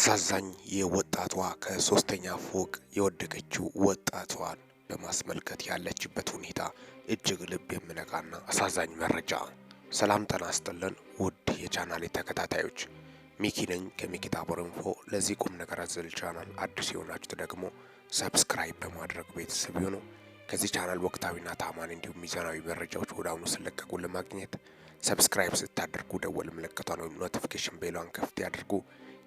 አሳዛኝ የወጣቷ ከሶስተኛ ፎቅ የወደቀችው ወጣቷን በማስመልከት ያለችበት ሁኔታ እጅግ ልብ የሚነካና አሳዛኝ መረጃ። ሰላም ጤና ይስጥልን ውድ የቻናሌ ተከታታዮች ሚኪ ነኝ ከሚኪ ታቦር ኢንፎ። ለዚህ ቁም ነገር አዘል ቻናል አዲስ የሆናችሁ ደግሞ ሰብስክራይብ በማድረግ ቤተሰብ ይሁኑ። ከዚህ ቻናል ወቅታዊና ታማኝ እንዲሁም ሚዛናዊ መረጃዎች ወደ አሁኑ ስለቀቁ ለማግኘት ሰብስክራይብ ስታደርጉ ደወል ምልክቷን ወይም ኖቲፊኬሽን ቤሏን ክፍት ያድርጉ።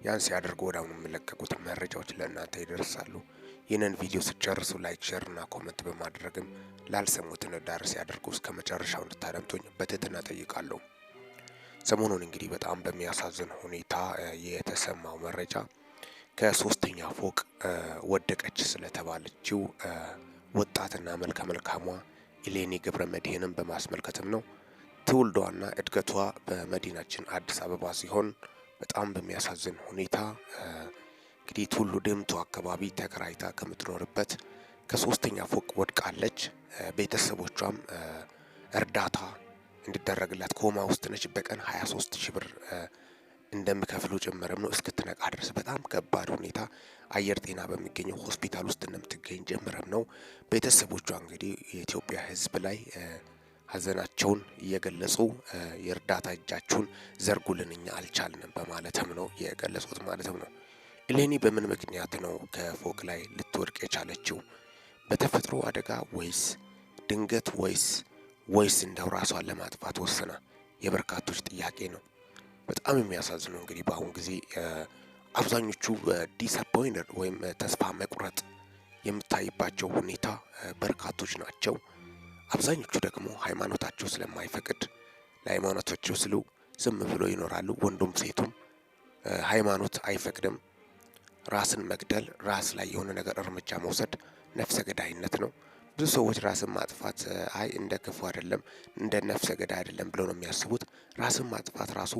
ያን ሲያደርጉ ወዲያውኑ የሚለቀቁት መረጃዎች ለእናንተ ይደርሳሉ። ይህንን ቪዲዮ ስጨርሱ ላይክ፣ ሼር እና ኮመንት በማድረግም ላልሰሙት እንዲደርስ ሲያደርጉ እስከ መጨረሻው እንድታደምጡኝ በትህትና ጠይቃለሁ። ሰሞኑን እንግዲህ በጣም በሚያሳዝን ሁኔታ የተሰማው መረጃ ከሶስተኛ ፎቅ ወደቀች ስለተባለችው ወጣትና መልከ መልካሟ ኢሌኒ ገብረ መድህንን በማስመልከትም ነው። ትውልዷና እድገቷ በመዲናችን አዲስ አበባ ሲሆን በጣም በሚያሳዝን ሁኔታ እንግዲህ ቱሉ ድምቱ አካባቢ ተከራይታ ከምትኖርበት ከሶስተኛ ፎቅ ወድቃለች። ቤተሰቦቿም እርዳታ እንዲደረግላት ኮማ ውስጥ ነች። በቀን 23 ሺ ብር እንደሚከፍሉ ጭምርም ነው እስክትነቃ ድረስ በጣም ከባድ ሁኔታ አየር ጤና በሚገኘው ሆስፒታል ውስጥ እንደምትገኝ ጭምርም ነው። ቤተሰቦቿ እንግዲህ የኢትዮጵያ ሕዝብ ላይ ሀዘናቸውን እየገለጹ የእርዳታ እጃችሁን ዘርጉልን እኛ አልቻልንም በማለትም ነው የገለጹት ማለትም ነው። እሌኒ በምን ምክንያት ነው ከፎቅ ላይ ልትወድቅ የቻለችው? በተፈጥሮ አደጋ ወይስ ድንገት ወይስ ወይስ እንደው ራሷን ለማጥፋት ወስና? የበርካቶች ጥያቄ ነው። በጣም የሚያሳዝነው እንግዲህ በአሁኑ ጊዜ አብዛኞቹ ዲስአፖይንትድ ወይም ተስፋ መቁረጥ የምታይባቸው ሁኔታ በርካቶች ናቸው። አብዛኞቹ ደግሞ ሃይማኖታቸው ስለማይፈቅድ ለሃይማኖታቸው ስሉ ዝም ብሎ ይኖራሉ። ወንዱም ሴቱም ሃይማኖት አይፈቅድም። ራስን መግደል፣ ራስ ላይ የሆነ ነገር እርምጃ መውሰድ ነፍሰ ገዳይነት ነው። ብዙ ሰዎች ራስን ማጥፋት አይ እንደ ክፉ አይደለም እንደ ነፍሰ ገዳይ አይደለም ብለው ነው የሚያስቡት። ራስን ማጥፋት ራሱ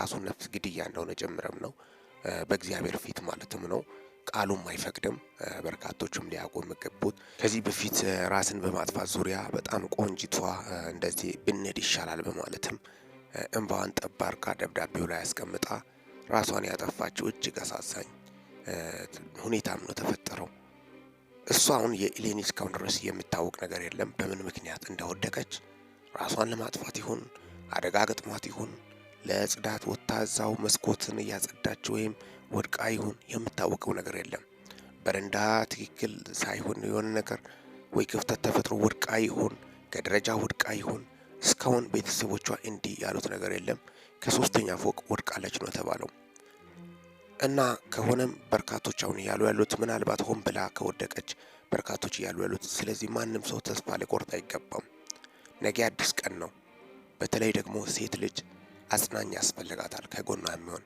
ራሱን ነፍስ ግድያ እንደሆነ ጭምርም ነው በእግዚአብሔር ፊት ማለትም ነው። ቃሉም አይፈቅድም። በርካቶቹም ሊያውቁ የሚገቡት ከዚህ በፊት ራስን በማጥፋት ዙሪያ በጣም ቆንጂቷ እንደዚህ ብንድ ይሻላል በማለትም እንባዋን ጠብ አድርጋ ደብዳቤው ላይ አስቀምጣ ራሷን ያጠፋችው እጅግ አሳዛኝ ሁኔታም ነው ተፈጠረው። እሷ አሁን የኤሌኒ እስካሁን ድረስ የሚታወቅ ነገር የለም፣ በምን ምክንያት እንደወደቀች ራሷን ለማጥፋት ይሁን አደጋ ገጥሟት ይሁን ለጽዳት ወጥታ እዛው መስኮትን እያጸዳች ወይም ወድቃ ይሁን የምታወቀው ነገር የለም። በረንዳ ትክክል ሳይሆን የሆነ ነገር ወይ ክፍተት ተፈጥሮ ወድቃ ይሁን ከደረጃ ወድቃ ይሁን እስካሁን ቤተሰቦቿ እንዲህ ያሉት ነገር የለም። ከሶስተኛ ፎቅ ወድቃለች ነው የተባለው። እና ከሆነም በርካቶች አሁን እያሉ ያሉት ምናልባት ሆን ብላ ከወደቀች በርካቶች እያሉ ያሉት። ስለዚህ ማንም ሰው ተስፋ ሊቆርጥ አይገባም። ነገ አዲስ ቀን ነው። በተለይ ደግሞ ሴት ልጅ አጽናኝ ያስፈልጋታል። ከጎኗ የሚሆን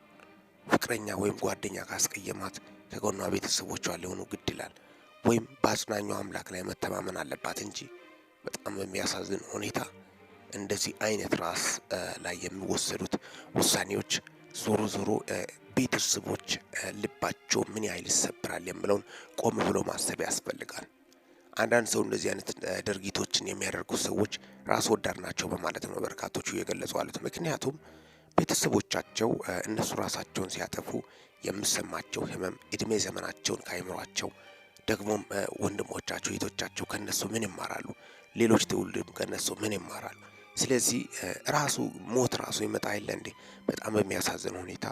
ፍቅረኛ ወይም ጓደኛ ካስቀየማት ከጎኗ ቤተሰቦቿ ሊሆኑ ግድ ይላል። ወይም በአጽናኙ አምላክ ላይ መተማመን አለባት እንጂ በጣም በሚያሳዝን ሁኔታ እንደዚህ አይነት ራስ ላይ የሚወሰዱት ውሳኔዎች ዞሮ ዞሮ ቤተሰቦች ልባቸው ምን ያህል ይሰብራል የሚለውን ቆም ብሎ ማሰብ ያስፈልጋል። አንዳንድ ሰው እንደዚህ አይነት ድርጊቶችን የሚያደርጉ ሰዎች ራስ ወዳድ ናቸው በማለት ነው በርካቶቹ እየገለጹ አሉት። ምክንያቱም ቤተሰቦቻቸው እነሱ ራሳቸውን ሲያጠፉ የምሰማቸው ህመም እድሜ ዘመናቸውን ከአይምሯቸው ደግሞም ወንድሞቻቸው እህቶቻቸው ከነሱ ምን ይማራሉ? ሌሎች ትውልድም ከነሱ ምን ይማራሉ? ስለዚህ ራሱ ሞት ራሱ ይመጣ የለ እንዴ? በጣም በሚያሳዝን ሁኔታ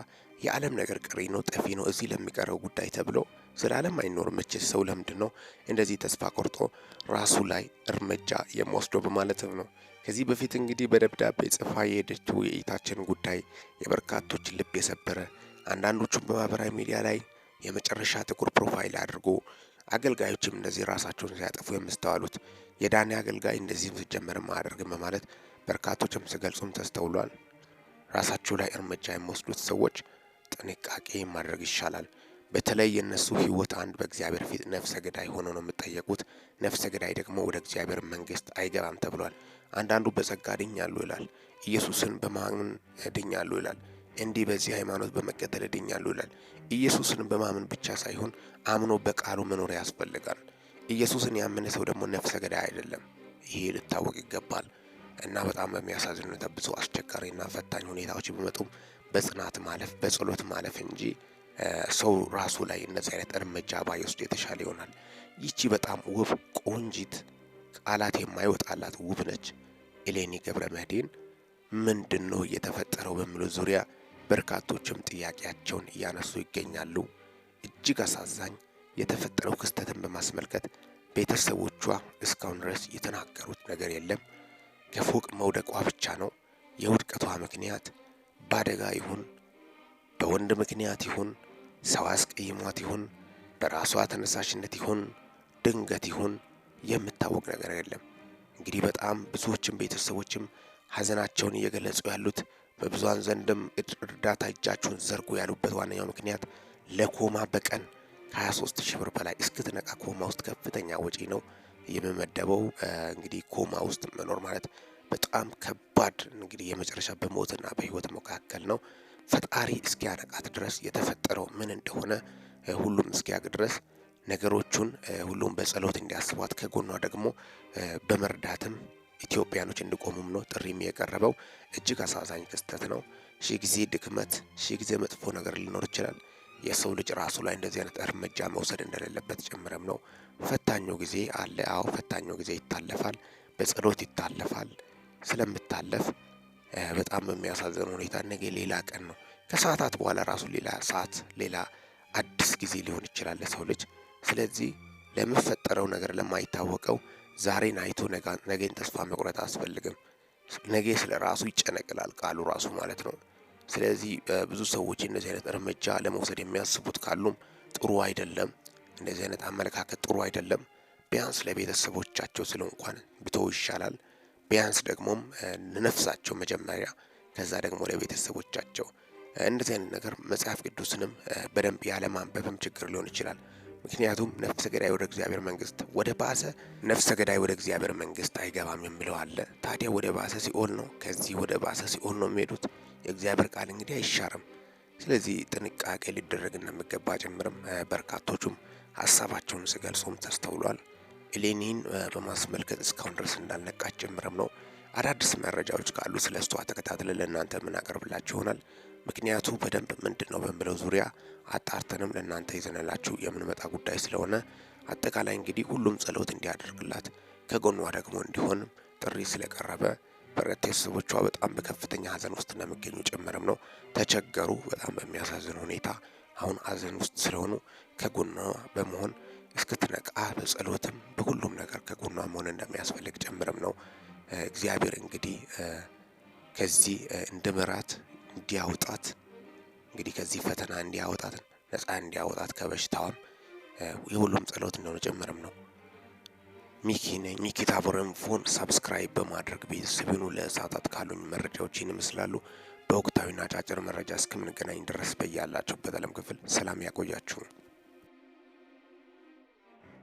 የዓለም ነገር ቀሪ ነው፣ ጠፊ ነው፣ እዚህ ለሚቀረው ጉዳይ ተብሎ ስለ ዓለም አይኖር መቼ ሰው ለምንድን ነው እንደዚህ ተስፋ ቆርጦ ራሱ ላይ እርምጃ የሚወስደው? በማለትም ነው ከዚህ በፊት እንግዲህ በደብዳቤ ጽፋ የሄደችው የእይታችን ጉዳይ የበርካቶች ልብ የሰበረ አንዳንዶቹም በማህበራዊ ሚዲያ ላይ የመጨረሻ ጥቁር ፕሮፋይል አድርጎ አገልጋዮችም እንደዚህ ራሳቸውን ሲያጠፉ የምስተዋሉት የዳኔ አገልጋይ እንደዚህም ሲጀመርም አያደርግም በማለት በርካቶችም ስገልጹም ተስተውሏል። ራሳቸው ላይ እርምጃ የሚወስዱት ሰዎች ጥንቃቄ ማድረግ ይሻላል። በተለይ የእነሱ ህይወት አንድ በእግዚአብሔር ፊት ነፍሰ ገዳይ ሆኖ ነው የሚጠየቁት። ነፍሰ ገዳይ ደግሞ ወደ እግዚአብሔር መንግስት አይገባም ተብሏል። አንዳንዱ በጸጋ ድኛለሁ ይላል። ኢየሱስን በማመን ድኛሉ ይላል። እንዲህ በዚህ ሃይማኖት በመቀጠል ድኛለሁ ይላል። ኢየሱስን በማመን ብቻ ሳይሆን አምኖ በቃሉ መኖር ያስፈልጋል። ኢየሱስን ያመነ ሰው ደግሞ ነፍሰ ገዳይ አይደለም። ይሄ ልታወቅ ይገባል። እና በጣም በሚያሳዝን ሁኔታ ብዙ አስቸጋሪና ፈታኝ ሁኔታዎች ቢመጡም በጽናት ማለፍ በጸሎት ማለፍ እንጂ ሰው ራሱ ላይ እነዚህ አይነት እርምጃ ባይወስድ የተሻለ ይሆናል። ይቺ በጣም ውብ ቆንጂት ቃላት የማይወጣላት ውብ ነች። ኤሌኒ ገብረ መድህን ምንድን ነው እየተፈጠረው በሚሉ ዙሪያ በርካቶችም ጥያቄያቸውን እያነሱ ይገኛሉ። እጅግ አሳዛኝ የተፈጠረው ክስተትን በማስመልከት ቤተሰቦቿ እስካሁን ድረስ የተናገሩት ነገር የለም። ከፎቅ መውደቋ ብቻ ነው የውድቀቷ ምክንያት በአደጋ ይሁን በወንድ ምክንያት ይሁን ሰው አስቀይሟት ይሁን በራሷ ተነሳሽነት ይሁን ድንገት ይሁን የምታወቅ ነገር የለም። እንግዲህ በጣም ብዙዎችም ቤተሰቦችም ሀዘናቸውን እየገለጹ ያሉት በብዙሃን ዘንድም እርዳታ እጃችሁን ዘርጉ ያሉበት ዋነኛው ምክንያት ለኮማ በቀን ከ23 ሺህ ብር በላይ እስክትነቃ ኮማ ውስጥ ከፍተኛ ወጪ ነው የሚመደበው። እንግዲህ ኮማ ውስጥ መኖር ማለት በጣም ከባድ እንግዲህ የመጨረሻ በሞትና በህይወት መካከል ነው። ፈጣሪ እስኪያነቃት ድረስ የተፈጠረው ምን እንደሆነ ሁሉም እስኪያቅ ድረስ ነገሮቹን ሁሉም በጸሎት እንዲያስቧት ከጎኗ ደግሞ በመርዳትም ኢትዮጵያኖች እንዲቆሙም ነው ጥሪም የቀረበው። እጅግ አሳዛኝ ክስተት ነው። ሺህ ጊዜ ድክመት፣ ሺህ ጊዜ መጥፎ ነገር ሊኖር ይችላል። የሰው ልጅ ራሱ ላይ እንደዚህ አይነት እርምጃ መውሰድ እንደሌለበት ጭምርም ነው። ፈታኙ ጊዜ አለ። አዎ ፈታኙ ጊዜ ይታለፋል፣ በጸሎት ይታለፋል። ስለምታለፍ በጣም በሚያሳዝን ሁኔታ ነገ ሌላ ቀን ነው። ከሰዓታት በኋላ ራሱ ሌላ ሰዓት፣ ሌላ አዲስ ጊዜ ሊሆን ይችላል ለሰው ልጅ። ስለዚህ ለምፈጠረው ነገር ለማይታወቀው ዛሬን አይቶ ነገን ተስፋ መቁረጥ አስፈልግም። ነገ ስለ ራሱ ይጨነቅላል ቃሉ ራሱ ማለት ነው። ስለዚህ ብዙ ሰዎች እንደዚህ አይነት እርምጃ ለመውሰድ የሚያስቡት ካሉም ጥሩ አይደለም። እንደዚህ አይነት አመለካከት ጥሩ አይደለም። ቢያንስ ለቤተሰቦቻቸው ስለ እንኳን ብተው ይሻላል። ቢያንስ ደግሞም ለነፍሳቸው መጀመሪያ ከዛ ደግሞ ለቤተሰቦቻቸው እንደዚህ አይነት ነገር መጽሐፍ ቅዱስንም በደንብ ያለማንበብም ችግር ሊሆን ይችላል። ምክንያቱም ነፍሰ ገዳይ ወደ እግዚአብሔር መንግስት ወደ ባሰ ነፍሰ ገዳይ ወደ እግዚአብሔር መንግስት አይገባም የሚለው አለ። ታዲያ ወደ ባሰ ሲኦል ነው፣ ከዚህ ወደ ባሰ ሲኦል ነው የሚሄዱት። የእግዚአብሔር ቃል እንግዲህ አይሻርም። ስለዚህ ጥንቃቄ ሊደረግ እንደሚገባ ጭምርም በርካቶቹም ሀሳባቸውን ሲገልጹም ተስተውሏል። ኤሌኒን በማስመልከት እስካሁን ድረስ እንዳልነቃች ጭምርም ነው። አዳዲስ መረጃዎች ካሉ ስለ እሷ ተከታትለን ለእናንተ የምናቀርብላችሁ ይሆናል። ምክንያቱ በደንብ ምንድን ነው በምለው ዙሪያ አጣርተንም ለእናንተ ይዘንላችሁ የምንመጣ ጉዳይ ስለሆነ አጠቃላይ እንግዲህ ሁሉም ጸሎት እንዲያደርግላት ከጎኗ ደግሞ እንዲሆን ጥሪ ስለቀረበ በረት ቤተሰቦቿ በጣም በከፍተኛ ሀዘን ውስጥ እንደሚገኙ ጭምርም ነው። ተቸገሩ። በጣም በሚያሳዝን ሁኔታ አሁን ሀዘን ውስጥ ስለሆኑ ከጎኗ በመሆን እስክትነቃ በጸሎት እግዚአብሔር እንግዲህ ከዚህ እንደ ምራት እንዲያወጣት እንግዲህ ከዚህ ፈተና እንዲያወጣት ነፃ እንዲያወጣት ከበሽታዋም የሁሉም ጸሎት እንደሆነ ጭምርም ነው። ሚኪ ነኝ። ሚኪ ታቦር ፎን ሰብስክራይብ በማድረግ ቤተሰብ ሁኑ። ለሰዓታት ካሉኝ መረጃዎችን ይመስላሉ። በወቅታዊና አጫጭር መረጃ እስከምንገናኝ ድረስ በያላችሁበት ዓለም ክፍል ሰላም ያቆያችሁ።